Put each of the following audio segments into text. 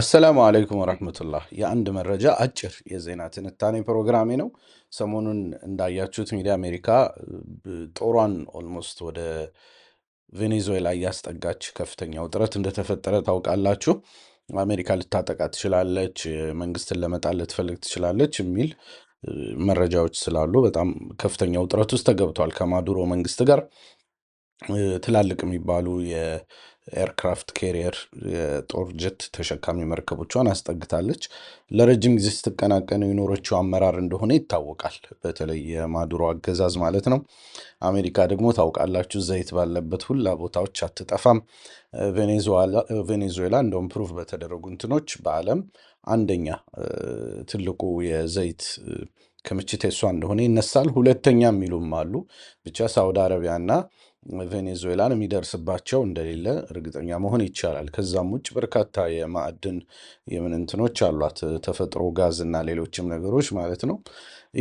አሰላሙ አለይኩም ወረሕመቱላህ። የአንድ መረጃ አጭር የዜና ትንታኔ ፕሮግራሜ ነው። ሰሞኑን እንዳያችሁት ሚዲያ አሜሪካ ጦሯን ኦልሞስት ወደ ቬኔዙዌላ እያስጠጋች ከፍተኛ ውጥረት እንደተፈጠረ ታውቃላችሁ። አሜሪካ ልታጠቃ ትችላለች፣ መንግስትን ለመጣል ልትፈልግ ትችላለች የሚል መረጃዎች ስላሉ በጣም ከፍተኛ ውጥረት ውስጥ ተገብቷል ከማዱሮ መንግስት ጋር ትላልቅ የሚባሉ የኤርክራፍት ኬሪየር የጦር ጀት ተሸካሚ መርከቦቿን አስጠግታለች። ለረጅም ጊዜ ስትቀናቀን የኖረችው አመራር እንደሆነ ይታወቃል። በተለይ የማዱሮ አገዛዝ ማለት ነው። አሜሪካ ደግሞ ታውቃላችሁ፣ ዘይት ባለበት ሁላ ቦታዎች አትጠፋም። ቬኔዙዌላ እንደውም ፕሩፍ በተደረጉ እንትኖች በዓለም አንደኛ ትልቁ የዘይት ክምችት እሷ እንደሆነ ይነሳል። ሁለተኛ የሚሉም አሉ። ብቻ ሳውዲ አረቢያና ቬኔዙዌላን የሚደርስባቸው እንደሌለ እርግጠኛ መሆን ይቻላል። ከዛም ውጭ በርካታ የማዕድን የምን እንትኖች አሏት ተፈጥሮ ጋዝ እና ሌሎችም ነገሮች ማለት ነው።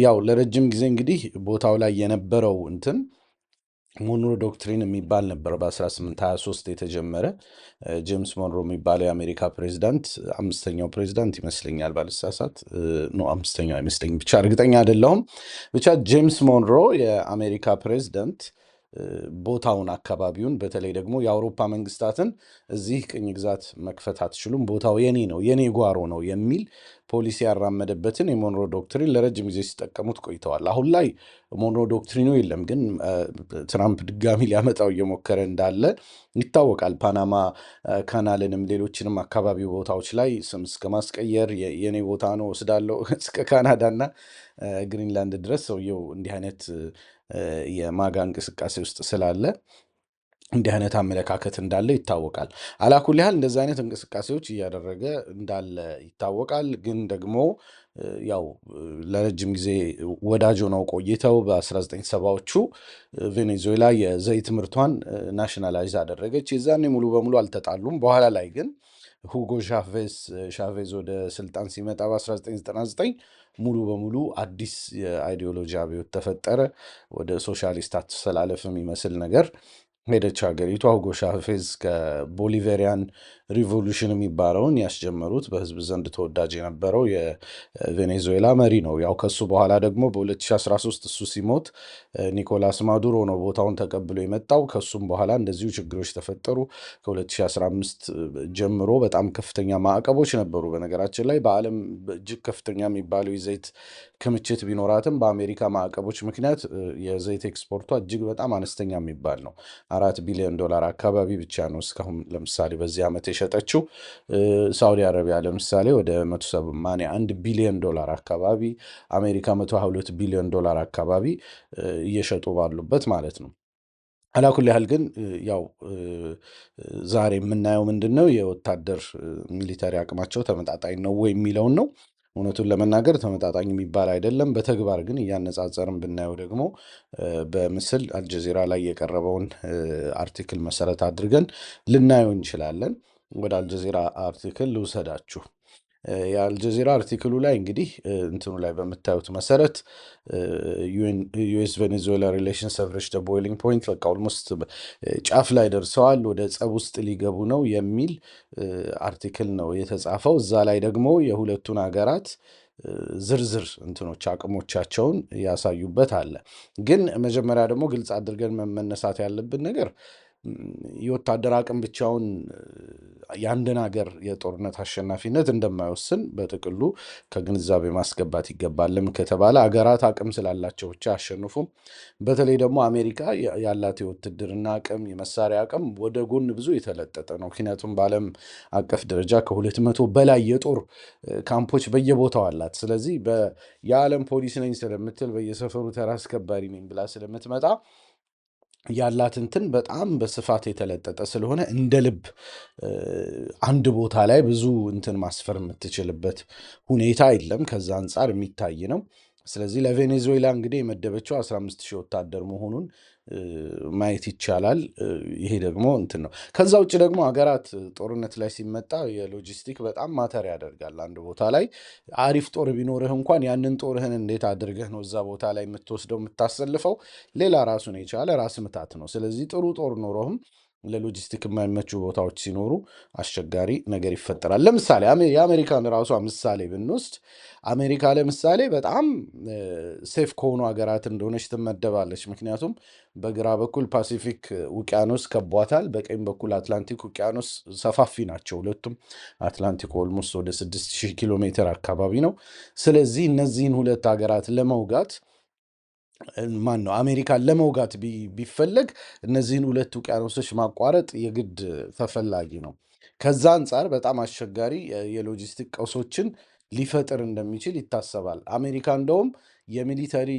ያው ለረጅም ጊዜ እንግዲህ ቦታው ላይ የነበረው እንትን ሞንሮ ዶክትሪን የሚባል ነበር በ1823 የተጀመረ። ጄምስ ሞንሮ የሚባለው የአሜሪካ ፕሬዚዳንት አምስተኛው ፕሬዚዳንት ይመስለኛል ባልሳሳት፣ ኖ አምስተኛው አይመስለኝ ብቻ እርግጠኛ አደለሁም ብቻ ጄምስ ሞንሮ የአሜሪካ ፕሬዚደንት ቦታውን አካባቢውን በተለይ ደግሞ የአውሮፓ መንግስታትን እዚህ ቅኝ ግዛት መክፈት አትችሉም፣ ቦታው የኔ ነው፣ የኔ ጓሮ ነው የሚል ፖሊሲ ያራመደበትን የሞንሮ ዶክትሪን ለረጅም ጊዜ ሲጠቀሙት ቆይተዋል። አሁን ላይ ሞንሮ ዶክትሪኑ የለም፣ ግን ትራምፕ ድጋሚ ሊያመጣው እየሞከረ እንዳለ ይታወቃል። ፓናማ ካናልንም ሌሎችንም አካባቢ ቦታዎች ላይ ስም እስከ ማስቀየር የኔ ቦታ ነው ወስዳለው እስከ ካናዳና ግሪንላንድ ድረስ ሰውየው እንዲህ አይነት የማጋ እንቅስቃሴ ውስጥ ስላለ እንዲህ አይነት አመለካከት እንዳለ ይታወቃል። አላኩል ያህል እንደዚህ አይነት እንቅስቃሴዎች እያደረገ እንዳለ ይታወቃል። ግን ደግሞ ያው ለረጅም ጊዜ ወዳጅ ሆነው ቆይተው በ1970ዎቹ ቬኔዙዌላ የዘይት ምርቷን ናሽናላይዝ አደረገች። የዛኔ ሙሉ በሙሉ አልተጣሉም። በኋላ ላይ ግን ሁጎ ሻቬዝ ሻቬዝ ወደ ስልጣን ሲመጣ በ1999 ሙሉ በሙሉ አዲስ የአይዲዮሎጂ አብዮት ተፈጠረ። ወደ ሶሻሊስት አስተላለፍ የሚመስል ነገር ሄደች ሀገሪቱ ሁጎ ሻፌዝ ከቦሊቬሪያን ሪቮሉሽን የሚባለውን ያስጀመሩት በህዝብ ዘንድ ተወዳጅ የነበረው የቬኔዙዌላ መሪ ነው። ያው ከሱ በኋላ ደግሞ በ2013 እሱ ሲሞት ኒኮላስ ማዱሮ ነው ቦታውን ተቀብሎ የመጣው። ከሱም በኋላ እንደዚሁ ችግሮች ተፈጠሩ። ከ2015 ጀምሮ በጣም ከፍተኛ ማዕቀቦች ነበሩ። በነገራችን ላይ በዓለም እጅግ ከፍተኛ የሚባለው የዘይት ክምችት ቢኖራትም በአሜሪካ ማዕቀቦች ምክንያት የዘይት ኤክስፖርቷ እጅግ በጣም አነስተኛ የሚባል ነው። አራት ቢሊዮን ዶላር አካባቢ ብቻ ነው እስካሁን ለምሳሌ በዚህ ዓመት የሸጠችው። ሳውዲ አረቢያ ለምሳሌ ወደ 181 ቢሊዮን ዶላር አካባቢ፣ አሜሪካ 122 ቢሊዮን ዶላር አካባቢ እየሸጡ ባሉበት ማለት ነው። አላኩል ያህል ግን ያው ዛሬ የምናየው ምንድን ነው የወታደር ሚሊተሪ አቅማቸው ተመጣጣኝ ነው ወይ የሚለውን ነው። እውነቱን ለመናገር ተመጣጣኝ የሚባል አይደለም። በተግባር ግን እያነጻጸርን ብናየው ደግሞ በምስል አልጀዚራ ላይ የቀረበውን አርቲክል መሰረት አድርገን ልናየው እንችላለን። ወደ አልጀዚራ አርቲክል ልውሰዳችሁ። የአልጀዚራ አርቲክሉ ላይ እንግዲህ እንትኑ ላይ በምታዩት መሰረት ዩኤስ ቬኔዙዌላ ሪሌሽን ሰቨሬጅ ደ ቦይሊንግ ፖይንት በቃ ኦልሞስት ጫፍ ላይ ደርሰዋል፣ ወደ ጸብ ውስጥ ሊገቡ ነው የሚል አርቲክል ነው የተጻፈው። እዛ ላይ ደግሞ የሁለቱን ሀገራት ዝርዝር እንትኖች አቅሞቻቸውን ያሳዩበት አለ። ግን መጀመሪያ ደግሞ ግልጽ አድርገን መመነሳት ያለብን ነገር የወታደር አቅም ብቻውን የአንድን ሀገር የጦርነት አሸናፊነት እንደማይወስን በጥቅሉ ከግንዛቤ ማስገባት ይገባልም ከተባለ አገራት አቅም ስላላቸው ብቻ አሸንፉም። በተለይ ደግሞ አሜሪካ ያላት የውትድርና አቅም የመሳሪያ አቅም ወደ ጎን ብዙ የተለጠጠ ነው። ምክንያቱም በዓለም አቀፍ ደረጃ ከሁለት መቶ በላይ የጦር ካምፖች በየቦታው አላት። ስለዚህ የዓለም ፖሊስ ነኝ ስለምትል በየሰፈሩ ተራ አስከባሪ ነኝ ብላ ስለምትመጣ ያላት እንትን በጣም በስፋት የተለጠጠ ስለሆነ እንደ ልብ አንድ ቦታ ላይ ብዙ እንትን ማስፈር የምትችልበት ሁኔታ የለም። ከዛ አንጻር የሚታይ ነው። ስለዚህ ለቬኔዙዌላ እንግዲህ የመደበችው 15 ሺህ ወታደር መሆኑን ማየት ይቻላል። ይሄ ደግሞ እንትን ነው። ከዛ ውጭ ደግሞ ሀገራት ጦርነት ላይ ሲመጣ የሎጂስቲክ በጣም ማተር ያደርጋል። አንድ ቦታ ላይ አሪፍ ጦር ቢኖርህ እንኳን ያንን ጦርህን እንዴት አድርገህ ነው እዛ ቦታ ላይ የምትወስደው የምታሰልፈው፣ ሌላ ራሱን የቻለ ራስ ምታት ነው። ስለዚህ ጥሩ ጦር ኖሮህም ለሎጂስቲክ የማይመቹ ቦታዎች ሲኖሩ አስቸጋሪ ነገር ይፈጠራል። ለምሳሌ የአሜሪካን ራሷ ምሳሌ ብንወስድ አሜሪካ ለምሳሌ በጣም ሴፍ ከሆኑ ሀገራት እንደሆነች ትመደባለች። ምክንያቱም በግራ በኩል ፓሲፊክ ውቅያኖስ ከቧታል፣ በቀኝ በኩል አትላንቲክ ውቅያኖስ ሰፋፊ ናቸው ሁለቱም። አትላንቲክ ኦልሞስት ወደ 6000 ኪሎ ሜትር አካባቢ ነው። ስለዚህ እነዚህን ሁለት ሀገራት ለመውጋት ማን ነው አሜሪካን ለመውጋት ቢፈለግ እነዚህን ሁለት ውቅያኖሶች ማቋረጥ የግድ ተፈላጊ ነው። ከዛ አንጻር በጣም አስቸጋሪ የሎጂስቲክ ቀውሶችን ሊፈጥር እንደሚችል ይታሰባል። አሜሪካ እንደውም የሚሊተሪ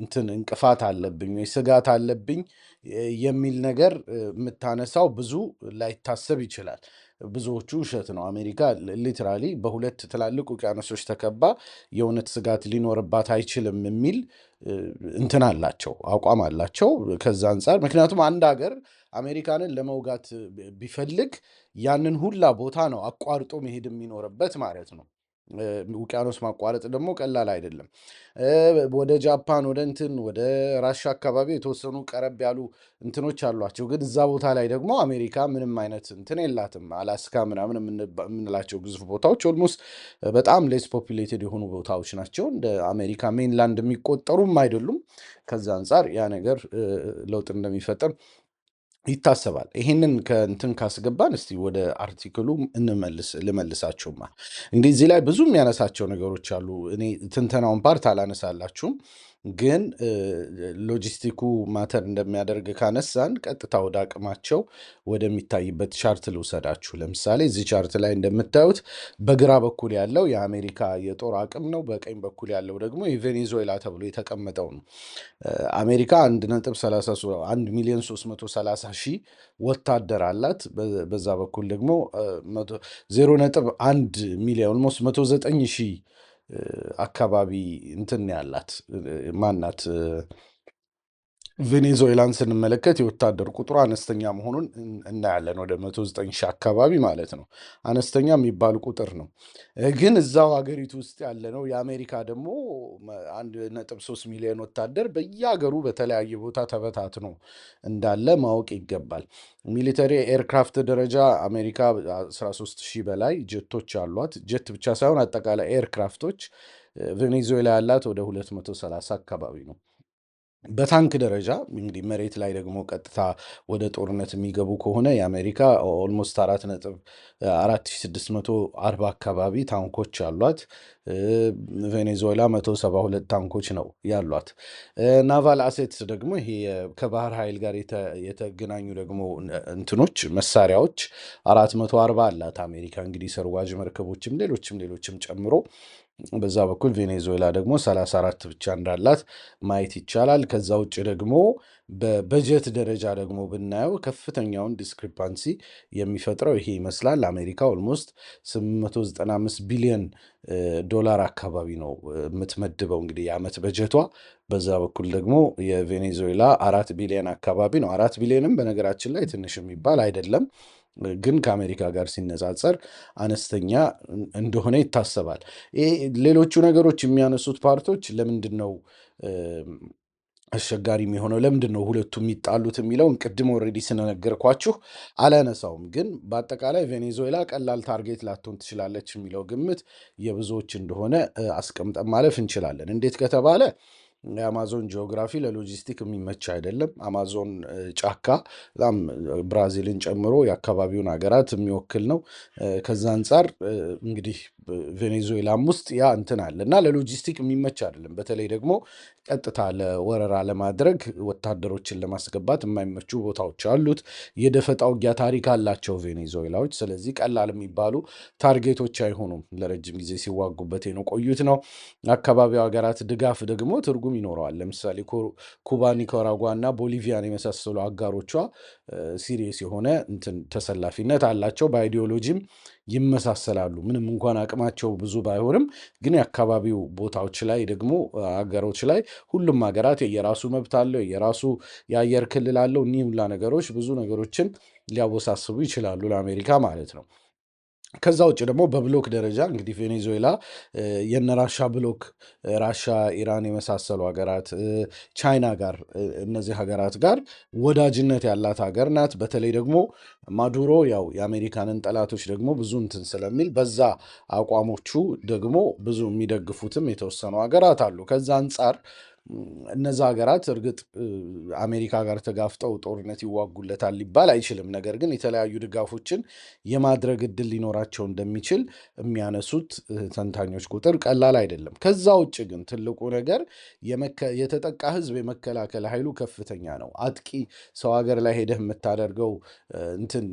እንትን እንቅፋት አለብኝ ወይ ስጋት አለብኝ የሚል ነገር የምታነሳው ብዙ ላይታሰብ ይችላል። ብዙዎቹ ውሸት ነው። አሜሪካ ሊትራሊ በሁለት ትላልቅ ውቅያኖሶች ተከባ የእውነት ስጋት ሊኖርባት አይችልም የሚል እንትን አላቸው፣ አቋም አላቸው። ከዛ አንጻር ምክንያቱም አንድ ሀገር አሜሪካንን ለመውጋት ቢፈልግ ያንን ሁላ ቦታ ነው አቋርጦ መሄድ የሚኖርበት ማለት ነው። ውቅያኖስ ማቋረጥ ደግሞ ቀላል አይደለም። ወደ ጃፓን ወደ እንትን ወደ ራሻ አካባቢ የተወሰኑ ቀረብ ያሉ እንትኖች አሏቸው። ግን እዛ ቦታ ላይ ደግሞ አሜሪካ ምንም አይነት እንትን የላትም። አላስካ ምናምን የምንላቸው ግዙፍ ቦታዎች ኦልሞስት በጣም ሌስ ፖፕሌትድ የሆኑ ቦታዎች ናቸው። እንደ አሜሪካ ሜንላንድ የሚቆጠሩም አይደሉም። ከዛ አንጻር ያ ነገር ለውጥ እንደሚፈጠር ይታሰባል። ይሄንን ከእንትን ካስገባን እስቲ ወደ አርቲክሉ እንመልስ ልመልሳችሁማ። እንግዲህ እዚህ ላይ ብዙ የሚያነሳቸው ነገሮች አሉ። እኔ ትንተናውን ፓርት አላነሳላችሁም። ግን ሎጂስቲኩ ማተር እንደሚያደርግ ካነሳን ቀጥታ ወደ አቅማቸው ወደሚታይበት ቻርት ልውሰዳችሁ። ለምሳሌ እዚህ ቻርት ላይ እንደምታዩት በግራ በኩል ያለው የአሜሪካ የጦር አቅም ነው። በቀኝ በኩል ያለው ደግሞ የቬኔዙዌላ ተብሎ የተቀመጠው ነው። አሜሪካ አንድ ነጥብ አንድ ሚሊዮን 330 ሺህ ወታደር አላት። በዛ በኩል ደግሞ ዜሮ ነጥብ አንድ ሚሊዮን ኦልሞስት 109 ሺህ አካባቢ እንትን ያላት ማናት ቬኔዙዌላን ስንመለከት የወታደር ቁጥሩ አነስተኛ መሆኑን እናያለን። ወደ 109 ሺህ አካባቢ ማለት ነው። አነስተኛ የሚባል ቁጥር ነው፣ ግን እዛው ሀገሪቱ ውስጥ ያለ ነው። የአሜሪካ ደግሞ 1.3 ሚሊዮን ወታደር በየሀገሩ በተለያየ ቦታ ተበታትኖ እንዳለ ማወቅ ይገባል። ሚሊተሪ ኤርክራፍት ደረጃ አሜሪካ 13 ሺህ በላይ ጀቶች አሏት። ጀት ብቻ ሳይሆን አጠቃላይ ኤርክራፍቶች ቬኔዙዌላ ያላት ወደ 230 አካባቢ ነው። በታንክ ደረጃ እንግዲህ መሬት ላይ ደግሞ ቀጥታ ወደ ጦርነት የሚገቡ ከሆነ የአሜሪካ ኦልሞስት አራት ነጥብ አራት ስድስት መቶ አርባ አካባቢ ታንኮች አሏት። ቬኔዙዌላ መቶ ሰባ ሁለት ታንኮች ነው ያሏት። ናቫል አሴትስ ደግሞ ይሄ ከባህር ኃይል ጋር የተገናኙ ደግሞ እንትኖች መሳሪያዎች አራት መቶ አርባ አላት አሜሪካ እንግዲህ ሰርጓጅ መርከቦችም ሌሎችም ሌሎችም ጨምሮ በዛ በኩል ቬኔዙዌላ ደግሞ 34 ብቻ እንዳላት ማየት ይቻላል። ከዛ ውጭ ደግሞ በበጀት ደረጃ ደግሞ ብናየው ከፍተኛውን ዲስክሪፓንሲ የሚፈጥረው ይሄ ይመስላል። አሜሪካ ኦልሞስት 895 ቢሊዮን ዶላር አካባቢ ነው የምትመድበው እንግዲህ የዓመት በጀቷ። በዛ በኩል ደግሞ የቬኔዙዌላ አራት ቢሊዮን አካባቢ ነው። አራት ቢሊዮንም በነገራችን ላይ ትንሽ የሚባል አይደለም። ግን ከአሜሪካ ጋር ሲነጻጸር አነስተኛ እንደሆነ ይታሰባል። ሌሎቹ ነገሮች የሚያነሱት ፓርቶች ለምንድን ነው አስቸጋሪ የሚሆነው ለምንድን ነው ሁለቱ የሚጣሉት የሚለውን ቅድም ኦልሬዲ ስነነገርኳችሁ አላነሳውም። ግን በአጠቃላይ ቬኔዙዌላ ቀላል ታርጌት ላትሆን ትችላለች የሚለው ግምት የብዙዎች እንደሆነ አስቀምጠን ማለፍ እንችላለን። እንዴት ከተባለ የአማዞን ጂኦግራፊ ለሎጂስቲክ የሚመች አይደለም። አማዞን ጫካ በጣም ብራዚልን ጨምሮ የአካባቢውን ሀገራት የሚወክል ነው። ከዛ አንጻር እንግዲህ ቬኔዙዌላም ውስጥ ያ እንትን አለ እና ለሎጂስቲክ የሚመች አይደለም። በተለይ ደግሞ ቀጥታ ለወረራ ለማድረግ ወታደሮችን ለማስገባት የማይመቹ ቦታዎች አሉት። የደፈጣ ውጊያ ታሪክ አላቸው ቬኔዙዌላዎች። ስለዚህ ቀላል የሚባሉ ታርጌቶች አይሆኑም። ለረጅም ጊዜ ሲዋጉበት ቆዩት ነው። አካባቢው ሀገራት ድጋፍ ደግሞ ትርጉም ይኖረዋል። ለምሳሌ ኩባ፣ ኒካራጓ እና ቦሊቪያን የመሳሰሉ አጋሮቿ ሲሪየስ የሆነ እንትን ተሰላፊነት አላቸው። በአይዲዮሎጂም ይመሳሰላሉ። ምንም እንኳን አቅማቸው ብዙ ባይሆንም ግን የአካባቢው ቦታዎች ላይ ደግሞ አገሮች ላይ ሁሉም ሀገራት የየራሱ መብት አለው፣ የራሱ የአየር ክልል አለው። እኒህ ሁላ ነገሮች ብዙ ነገሮችን ሊያወሳስቡ ይችላሉ ለአሜሪካ ማለት ነው። ከዛ ውጭ ደግሞ በብሎክ ደረጃ እንግዲህ ቬኔዙዌላ የነ ራሻ ብሎክ ራሻ፣ ኢራን የመሳሰሉ ሀገራት ቻይና ጋር እነዚህ ሀገራት ጋር ወዳጅነት ያላት ሀገር ናት። በተለይ ደግሞ ማዱሮ ያው የአሜሪካንን ጠላቶች ደግሞ ብዙ እንትን ስለሚል በዛ አቋሞቹ ደግሞ ብዙ የሚደግፉትም የተወሰኑ ሀገራት አሉ። ከዛ አንጻር እነዛ ሀገራት እርግጥ አሜሪካ ጋር ተጋፍጠው ጦርነት ይዋጉለታል ሊባል አይችልም። ነገር ግን የተለያዩ ድጋፎችን የማድረግ እድል ሊኖራቸው እንደሚችል የሚያነሱት ተንታኞች ቁጥር ቀላል አይደለም። ከዛ ውጭ ግን ትልቁ ነገር የተጠቃ ህዝብ የመከላከል ኃይሉ ከፍተኛ ነው። አጥቂ ሰው ሀገር ላይ ሄደህ የምታደርገው እንትን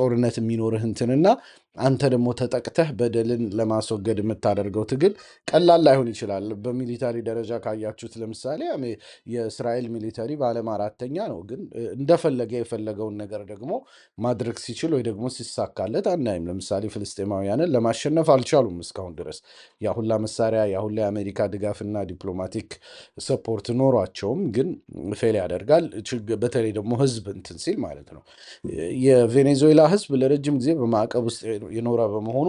ጦርነት የሚኖርህ እንትንና አንተ ደግሞ ተጠቅተህ በደልን ለማስወገድ የምታደርገው ትግል ቀላል ላይሆን ይችላል። በሚሊታሪ ደረጃ ካያችሁት ለምሳሌ የእስራኤል ሚሊተሪ በዓለም አራተኛ ነው፣ ግን እንደፈለገ የፈለገውን ነገር ደግሞ ማድረግ ሲችል ወይ ደግሞ ሲሳካለት አናይም። ለምሳሌ ፍልስጤማውያንን ለማሸነፍ አልቻሉም እስካሁን ድረስ ያሁላ መሳሪያ ያሁላ የአሜሪካ ድጋፍና ዲፕሎማቲክ ሰፖርት ኖሯቸውም፣ ግን ፌል ያደርጋል። በተለይ ደግሞ ህዝብ እንትን ሲል ማለት ነው። የቬኔዙዌላ ህዝብ ለረጅም ጊዜ በማዕቀብ ውስጥ የኖረ በመሆኑ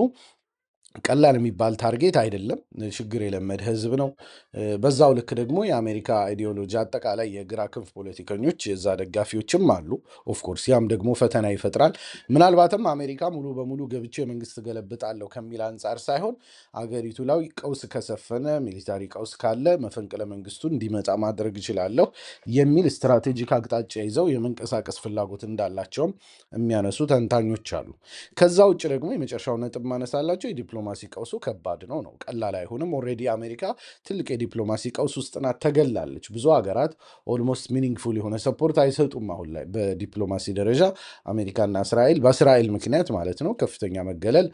ቀላል የሚባል ታርጌት አይደለም። ችግር የለመደ ህዝብ ነው። በዛው ልክ ደግሞ የአሜሪካ አይዲዮሎጂ አጠቃላይ የግራ ክንፍ ፖለቲከኞች የዛ ደጋፊዎችም አሉ። ኦፍኮርስ ያም ደግሞ ፈተና ይፈጥራል። ምናልባትም አሜሪካ ሙሉ በሙሉ ገብቼ መንግስት ገለብጣለሁ ከሚል አንጻር ሳይሆን አገሪቱ ላይ ቀውስ ከሰፈነ፣ ሚሊታሪ ቀውስ ካለ መፈንቅለ መንግስቱን እንዲመጣ ማድረግ እችላለሁ የሚል ስትራቴጂክ አቅጣጫ ይዘው የመንቀሳቀስ ፍላጎት እንዳላቸውም የሚያነሱ ተንታኞች አሉ። ከዛ ውጭ ደግሞ የመጨረሻው ነጥብ ማነሳላቸው የዲፕሎ የዲፕሎማሲ ቀውሱ ከባድ ነው ነው ቀላል አይሆንም። ኦሬዲ አሜሪካ ትልቅ የዲፕሎማሲ ቀውስ ውስጥ ናት፣ ተገላለች። ብዙ ሀገራት ኦልሞስት ሚኒንግፉል የሆነ ሰፖርት አይሰጡም። አሁን ላይ በዲፕሎማሲ ደረጃ አሜሪካና እስራኤል በእስራኤል ምክንያት ማለት ነው ከፍተኛ መገለል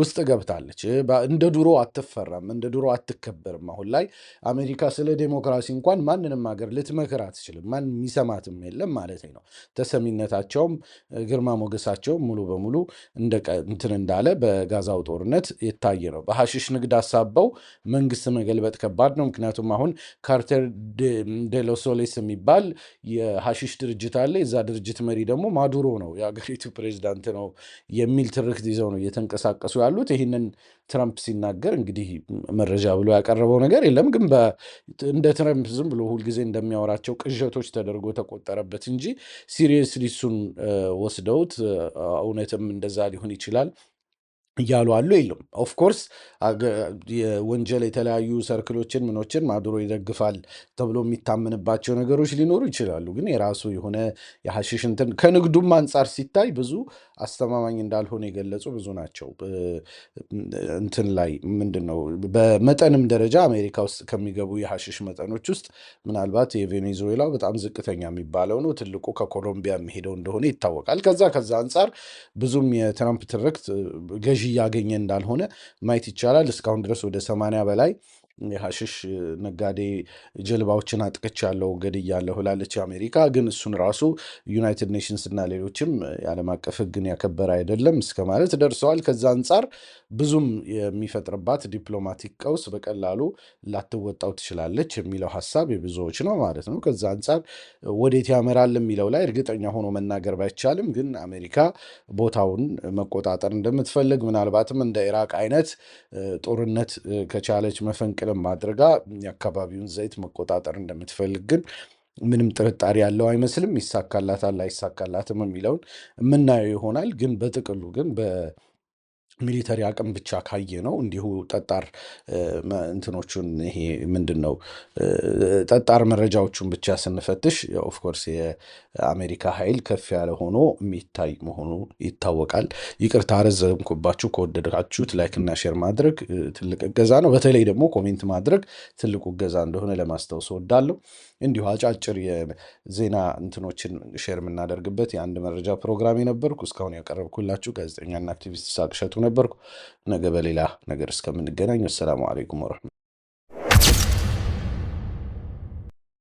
ውስጥ ገብታለች። እንደ ድሮ አትፈራም፣ እንደ ድሮ አትከበርም። አሁን ላይ አሜሪካ ስለ ዴሞክራሲ እንኳን ማንንም ሀገር ልትመክር አትችልም። ማን የሚሰማትም የለም ማለት ነው። ተሰሚነታቸውም ግርማ ሞገሳቸውም ሙሉ በሙሉ እንትን እንዳለ በጋዛው ጦርነት የታየ ነው። በሐሽሽ ንግድ አሳበው መንግስት መገልበጥ ከባድ ነው። ምክንያቱም አሁን ካርተር ደሎሶሌስ የሚባል የሐሽሽ ድርጅት አለ። የዛ ድርጅት መሪ ደግሞ ማዱሮ ነው፣ የአገሪቱ ፕሬዚዳንት ነው የሚል ትርክት ይዘው ነው እየተንቀሳቀሱ እየጠቀሱ ያሉት ይህንን ትረምፕ ሲናገር እንግዲህ መረጃ ብሎ ያቀረበው ነገር የለም፣ ግን እንደ ትረምፕ ዝም ብሎ ሁልጊዜ እንደሚያወራቸው ቅዠቶች ተደርጎ ተቆጠረበት እንጂ ሲሪየስሊ እሱን ወስደውት እውነትም እንደዛ ሊሆን ይችላል እያሉ አሉ የሉም። ኦፍኮርስ ወንጀል የተለያዩ ሰርክሎችን ምኖችን ማድሮ ይደግፋል ተብሎ የሚታምንባቸው ነገሮች ሊኖሩ ይችላሉ። ግን የራሱ የሆነ የሐሺሽ እንትን ከንግዱም አንጻር ሲታይ ብዙ አስተማማኝ እንዳልሆነ የገለጹ ብዙ ናቸው። እንትን ላይ ምንድን ነው በመጠንም ደረጃ አሜሪካ ውስጥ ከሚገቡ የሐሽሽ መጠኖች ውስጥ ምናልባት የቬኔዙዌላው በጣም ዝቅተኛ የሚባለው ነው። ትልቁ ከኮሎምቢያ የሚሄደው እንደሆነ ይታወቃል። ከዛ ከዛ አንጻር ብዙም የትራምፕ ትርክት ገዢ ገዢ እያገኘ እንዳልሆነ ማየት ይቻላል። እስካሁን ድረስ ወደ ሰማንያ በላይ የሀሽሽ ነጋዴ ጀልባዎችን አጥቅች ያለው ገድያ ያለሁ ላለች አሜሪካ ግን እሱን ራሱ ዩናይትድ ኔሽንስ እና ሌሎችም የዓለም አቀፍ ሕግን ያከበረ አይደለም እስከ ማለት ደርሰዋል። ከዛ አንጻር ብዙም የሚፈጥርባት ዲፕሎማቲክ ቀውስ በቀላሉ ላትወጣው ትችላለች የሚለው ሀሳብ የብዙዎች ነው ማለት ነው። ከዛ አንጻር ወዴት ያመራል የሚለው ላይ እርግጠኛ ሆኖ መናገር ባይቻልም ግን አሜሪካ ቦታውን መቆጣጠር እንደምትፈልግ ምናልባትም እንደ ኢራቅ አይነት ጦርነት ከቻለች መፈንቅልም አድርጋ የአካባቢውን ዘይት መቆጣጠር እንደምትፈልግ ግን ምንም ጥርጣሬ ያለው አይመስልም። ይሳካላታል አይሳካላትም የሚለውን የምናየው ይሆናል። ግን በጥቅሉ ግን ሚሊተሪ አቅም ብቻ ካየ ነው እንዲሁ ጠጣር እንትኖቹን ይሄ ምንድን ነው ጠጣር መረጃዎቹን ብቻ ስንፈትሽ ኦፍኮርስ የአሜሪካ ኃይል ከፍ ያለ ሆኖ የሚታይ መሆኑ ይታወቃል። ይቅርታ አረዘምኩባችሁ። ከወደዳችሁት ላይክና ሼር ማድረግ ትልቅ እገዛ ነው። በተለይ ደግሞ ኮሜንት ማድረግ ትልቁ እገዛ እንደሆነ ለማስታወስ እወዳለሁ። እንዲሁ አጫጭር የዜና እንትኖችን ሼር የምናደርግበት የአንድ መረጃ ፕሮግራም የነበርኩ እስካሁን ያቀረብኩላችሁ ጋዜጠኛና አክቲቪስት ሳቅሸቱ ነበርኩ። ነገ በሌላ ነገር እስከምንገናኝ አሰላሙ አሌይኩም ወረህመቱላህ